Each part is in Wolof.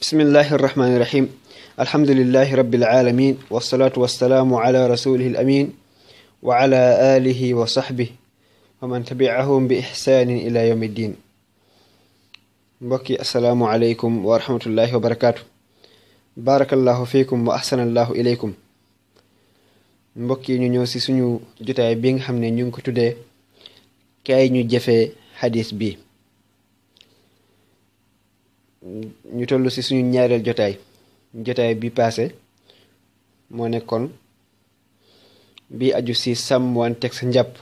bismillahi irrahmani irrahim alhamdulilahi rabbil alamin wasalaatu wasalaamu ala rasulihi alamin wa ala alihi wa saxbihi wa man tabiahum bi ixsaanin ila yawmi ddin mbokki asalaamu aleykum wa rahmatullahi wa barakaatu baarakallahu fiikum wa ahsanallahu ilaykum mbokki ñu ñëw si suñu jotaay bi nga xam ne ñu ngi ko tuddee kaay ñu jëfee xadis bi ñu tollu si suñu ñaareel jotaay jotaay bi paase moo nekkoon bi aju si sàmmoon teg sa njàpp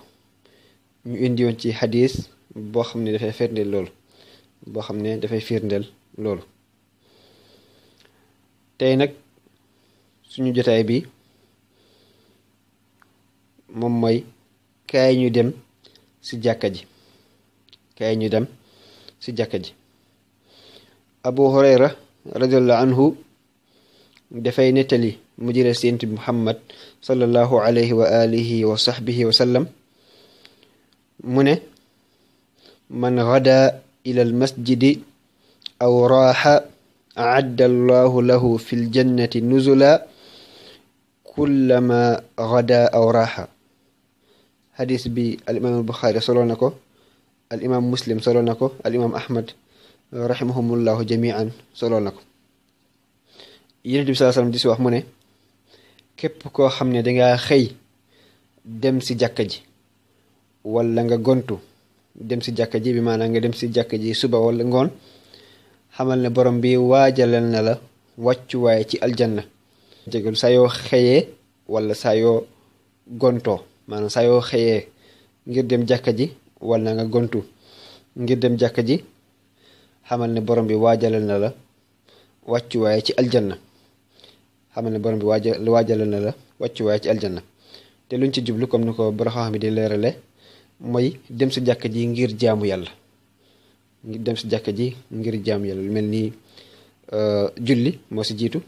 ñu indiwoon ci xadis boo xam ne dafay firndeel loolu boo xam ne dafay firndeel loolu tey nag suñu jotaay bi moom mooy kaay ñu dem ci jàkka ji kaay ñu dem ci jàkka ji abu hurayra radiallahu anhu dafay nettali mu jële sént muhammad sallallahu alayhi wa alihi wa sahbihi wa sallam mu man gada ila al aw raaxa acadda allahu lahu fi ljannati nuzula kullama gada aw raaxa xadis bi alimaam albuxaari solo na ahmad rahimahumullahu jamian solool na ko yonent bi sallallahu alayhi wasallam di si mu ne képp koo xam ne dangaa xëy dem si jàkka ji wala nga gontu dem si jàkka ji bi maanaam nga dem si jàkka ji suba wala ngoon xamal ne borom bi waajalal na la wàccuwaay ci aljanna jégalu saa yoo xëyee walla saa yoo gontoo maanaam saa yoo xëyee ngir dem jàkka ji wala nga gontu ngir dem jàkka ji xamal ne borom bi waajalal na la wàccuwaay ci aljanna xamal ne borom bi waaja waajalal na la wàccuwaay ci aljanna te luñ ci jublu comme ni ko boroxoo xam di leerale mooy dem si jàkk ji ngir jaamu yàlla ngir dem si jàkk ji ngir jaamu yàlla lu mel ni euh, julli moo si jiitu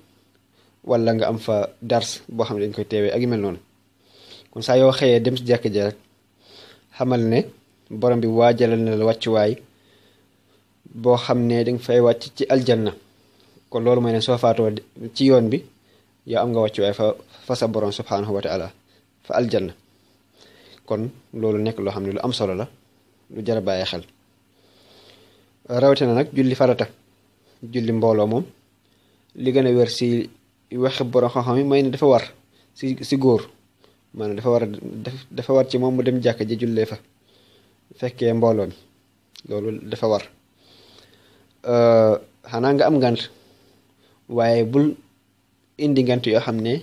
wala nga am fa dars boo xam ne dañ koy teewee ak mel noonu kon saa yoo xëyee dem si jàkk ji rek xamal ne borom bi waajalal na la wàccuwaay boo xam ne danga fay wàcc ci aljanna kon loolu mooy ne soo faatoo ci yoon bi yow am nga wàcc waaye fa fa sa borom subhaanahu wa fa aljanna kon loolu nekk loo xam ne lu am solo la lu jar a bàyyi xel rawatina nag julli farata julli mbooloo moom li gën wér si waxi borom yi mooy dafa war si si góor maanaam dafa war a dafa war ci moom mu dem jàkk ji jullee fa fekkee mbooloo mi loolu dafa war Euh, xanaa nga am ngant waaye bul indi ngant yoo xam ne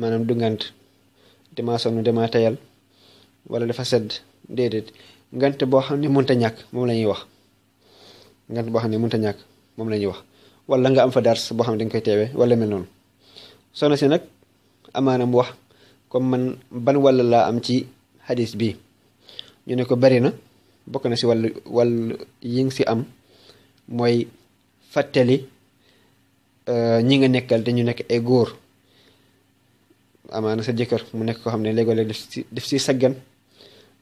maanaam du ngant dama sonn dama tayal wala dafa sedd déedéet ngant boo xam ne mënta ñàkk moom la ñuy wax ngant boo xam ne mënta ñàkk moom la ñuy wax walla nga am fa dars boo xam ne dañ koy teewee wala mel noonu soxna si nag amaanam wax comme man ban wàll laa am ci xadis bi ñu ne ko bari na bokk na si wàllu wàll yi nga si am mooy fàttali euh, ñi nga nekkal dañu nekk ay góor amaana sa jëkkër mu nekk koo xam ne léegoo-léeg def si def si saggan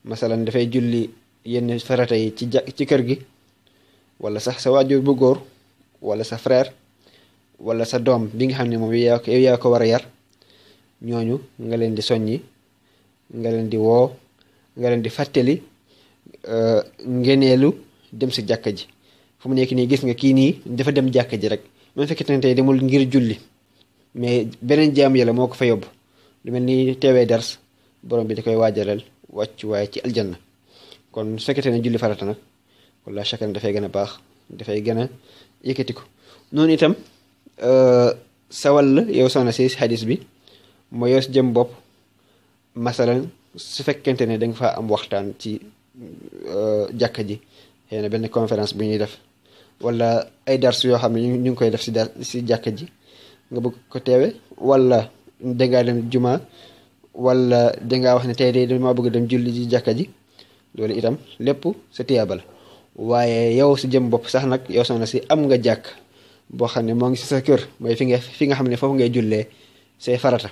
masalan dafay julli yenn farata yi ci ja ci kër gi wala sax sa waajur bu góor wala sa frère wala sa doom bi nga xam ne moom yow ko war a yar ñooñu nga leen di soññi nga leen di woo nga leen di fàttali euh, ngeneelu dem si jàkka ji fu mu nekk nii gis nga kii nii dafa dem jàkka ji rek même fekkee ne tey demul ngir julli mais beneen jaam yàlla moo ko fa yóbbu lu mel ni teewee dars borom bi da koy waajalal wàccuwaay ci aljanna kon su ne julli farata nag dafay gën a baax dafay gën a yëkkati ko noonu itam euh, sa wàll yow soxna si xadis bi mooy yow si jëm bopp masalan su fekkente ne da nga fa am waxtaan ci euh, jàkka ji xëy benn conférence bu ñuy def wala ay dars yoo xam ne ñu ngi koy def si da si jàkka ji nga bëgg ko teewe wala dangaa dem juma wala dangaa wax ne tey de dama bëgg dem julli ji jàkka ji loolu itam lépp sa tiyaaba waaye yow si jëm bopp sax nag yow soxna si am nga jàkk boo xam ne moo ngi si sa kër mooy fi nga fi nga xam ne foofu ngay jullee say farata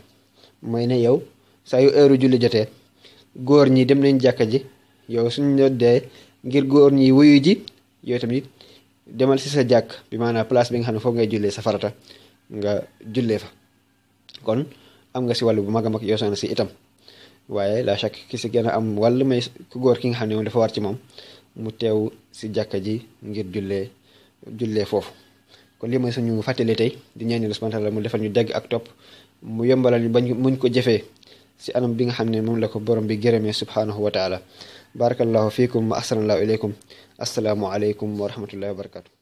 mooy ne yow saa yu heure julli jotee góor ñi dem nañ jàkka ji yow suñ noddee ngir góor ñi wuyu ji yow tamit demal si sa jàkk bi maanaam place bi nga xam ne foofu ngay jullee sa nga jullee fa kon am nga si wàll bu mag a mag yoo soxna si itam waaye la chaque ki si gën a am wàll may ku ki nga xam ne moom dafa war ci moom mu teew si jàkka ji ngir jullee jullee foofu kon lii mooy suñu fàttali tey di ñaan yàlla subhanahu wa taala mu defal ñu dégg ak topp mu yombalal ñu bañ muñ ko jëfee si anam bi xam ne moom la ko borom bi gërëmee subhanahu wa barakallahu fiikum ahsanallahu ileykum asalaamualeykum wa rahmatullahi wa barakatu